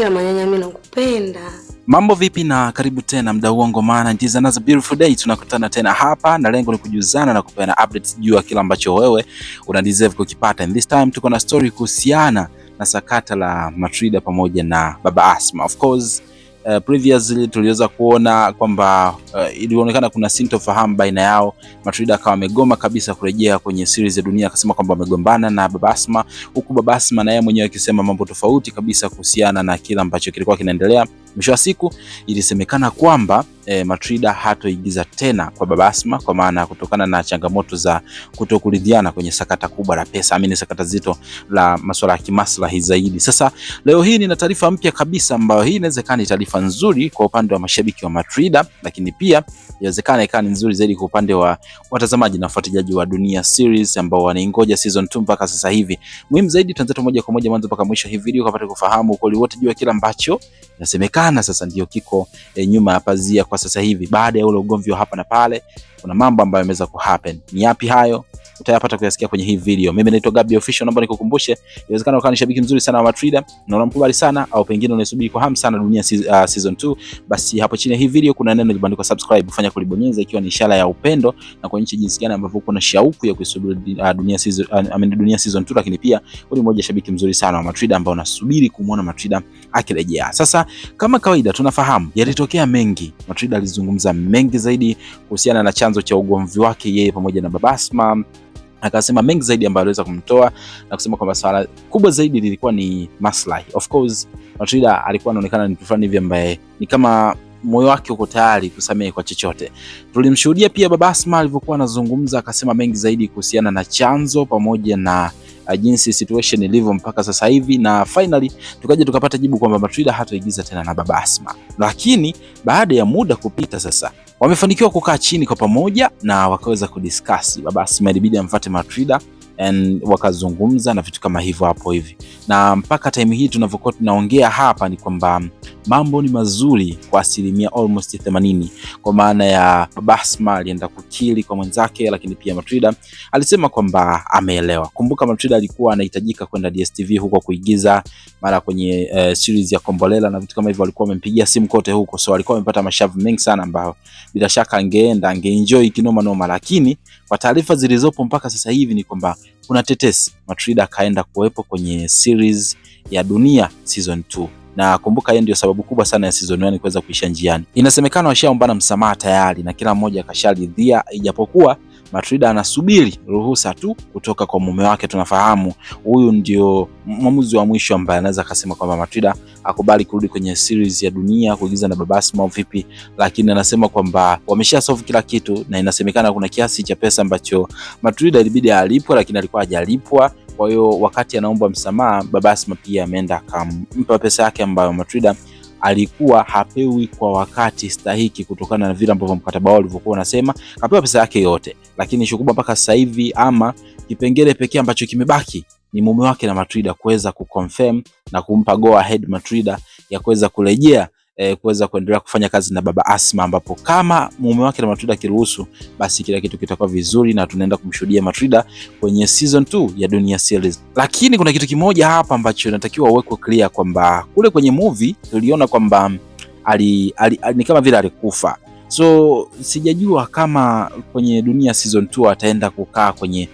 Tena manyanya, mimi nakupenda. Mambo vipi na karibu tena mdau wangu, maana it is another beautiful day. Tunakutana tena hapa na lengo ni kujuzana na kupeana updates juu ya kila ambacho wewe una deserve kukipata. And this time tuko na story kuhusiana na sakata la matrida pamoja na baba Asma. Of course Uh, eh, previously tuliweza kuona kwamba uh, ilionekana kuna sintofahamu baina yao. Matrida akawa amegoma kabisa kurejea kwenye series ya dunia, akasema kwamba amegombana na Babasma, huku Babasma na yeye mwenyewe akisema mambo tofauti kabisa kuhusiana na kila ambacho kilikuwa kinaendelea. Mwisho wa siku ilisemekana kwamba eh, Matrida hatoigiza tena kwa Babasma kwa maana kutokana na changamoto za kutokuridhiana kwenye sakata kubwa la pesa, amini sakata zito la masuala ya kimaslahi zaidi. Sasa leo hii nina taarifa mpya kabisa ambayo hii inawezekana taarifa nzuri kwa upande wa mashabiki wa Madrid, lakini pia inawezekana ikawa ni nzuri zaidi kwa upande wa watazamaji na wafuatiliaji wa Dunia Series ambao wanaingoja season 2 mpaka sasa hivi. Muhimu zaidi, tuanze moja kwa moja mwanzo mpaka mwisho hii video ukapata kufahamu kwa wote juu ya kila ambacho inasemekana sasa ndio kiko e, nyuma ya pazia kwa sasa hivi, baada ya ule ugomvi wa hapa na pale, kuna mambo ambayo yameweza kuhappen. Ni yapi hayo? utayapata kuyasikia kwenye hii video. Mimi naitwa Gabby Official, naomba nikukumbushe, inawezekana ukawa ni shabiki mzuri sana wa Matrida na unamkubali sana au pengine unaisubiri kwa hamu sana Dunia ah, season 2, basi hapo chini ya hii video kuna neno limeandikwa subscribe, fanya kulibonyeza, ikiwa ni ishara ya upendo na kuonyesha jinsi gani ambavyo uko na shauku ya kuisubiri ah, Dunia season ah, I mean Dunia season 2, lakini pia wewe mmoja shabiki mzuri sana wa Matrida ambao unasubiri kumuona Matrida akirejea. Sasa kama kawaida, tunafahamu yalitokea mengi. Matrida alizungumza mengi zaidi kuhusiana na chanzo cha ugomvi wake yeye pamoja na Babasma akasema mengi zaidi ambayo aliweza kumtoa na kusema kwamba swala kubwa zaidi lilikuwa ni maslahi. Of course Matilda alikuwa anaonekana ni mtu fulani hivi ambaye ni kama moyo wake uko tayari kusamehe kwa chochote. Tulimshuhudia pia Baba Asma alivyokuwa anazungumza, akasema mengi zaidi kuhusiana na chanzo pamoja na uh, jinsi situation ilivyo mpaka sasa hivi, na finally tukaja tukapata jibu kwamba Matilda hataigiza tena na Baba Asma, lakini baada ya muda kupita sasa Wamefanikiwa kukaa chini kwa pamoja na wakaweza kudiscuss, baba Asma ilibidi amfuate Matrida and wakazungumza na vitu kama hivyo hapo hivi, na mpaka time hii tunavyokuwa tunaongea hapa ni kwamba mambo ni mazuri kwa asilimia almost 80, kwa maana ya Basma alienda kukiri kwa mwenzake, lakini pia Matrida alisema kwamba ameelewa. Kumbuka Matrida alikuwa anahitajika kwenda DStv huko kuigiza mara kwenye uh, series ya Kombolela na vitu kama hivyo, alikuwa amempigia simu kote huko, so alikuwa amepata mashavu mengi sana, ambao bila shaka angeenda angeenjoy kinoma noma, lakini kwa taarifa zilizopo mpaka sasa hivi ni kwamba kuna tetesi Matrida akaenda kuwepo kwenye series ya Dunia season 2 na kumbuka, hiyo ndio sababu kubwa sana ya season 1 kuweza kuisha njiani. Inasemekana washaombana msamaha tayari na kila mmoja akasharidhia, ijapokuwa Matrida anasubiri ruhusa tu kutoka kwa mume wake. Tunafahamu huyu ndio mwamuzi wa mwisho ambaye anaweza akasema kwamba Matrida akubali kurudi kwenye series ya dunia kuigiza na Baba Asma vipi, lakini anasema kwamba wamesha solve kila kitu, na inasemekana kuna kiasi cha pesa ambacho Matrida ilibidi alipwe, lakini alikuwa hajalipwa kwa hiyo wakati anaomba msamaha, baba pia ameenda akampa pesa yake ambayo Matrida alikuwa hapewi kwa wakati stahiki, kutokana na vile ambavyo mkataba wao ulivyokuwa unasema. Kapewa pesa yake yote, lakini shukubwa mpaka sasa hivi, ama kipengele pekee ambacho kimebaki ni mume wake na Matrida kuweza kuconfirm na kumpa go ahead Matrida ya kuweza kurejea eh, kuweza kuendelea kufanya kazi na baba Asma, ambapo kama mume wake na Matrida akiruhusu, basi kila kitu kitakuwa vizuri na tunaenda kumshuhudia Matrida kwenye season 2 ya Dunia Series. Lakini kuna kitu kimoja hapa ambacho inatakiwa uwekwe clear kwamba kule kwenye movie tuliona kwamba ali, ali, ali, ni kama vile alikufa so sijajua kama kwenye Dunia season 2 ataenda kukaa kwenye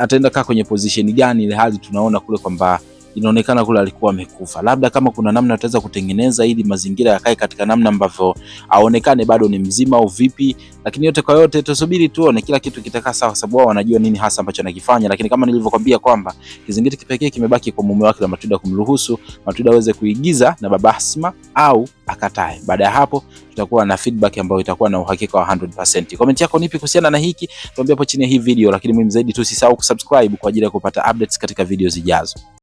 ataenda kaa kwenye position gani, ile hali tunaona kule kwamba inaonekana kule alikuwa amekufa. Labda kama kuna namna ataweza kutengeneza ili mazingira yakae katika namna ambavyo aonekane bado ni mzima au vipi, lakini yote kwa yote tusubiri tuone, kila kitu kitakaa sawa, sababu wao wanajua nini hasa ambacho anakifanya. Lakini kama nilivyokuambia kwamba kizingiti kipekee kimebaki kwa mume wake na Matuda, kumruhusu Matuda aweze kuigiza na baba Asma au akatae. Baada ya hapo tutakuwa na feedback ambayo itakuwa na uhakika wa 100%. Comment yako nipi kuhusiana na hiki? Tuambie hapo chini ya hii video, lakini muhimu zaidi tu usisahau kusubscribe kwa ajili ya kupata updates katika video zijazo.